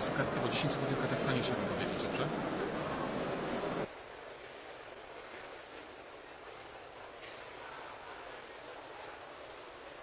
высокоэффективно, очень высокоэффективно в Казахстане сейчас.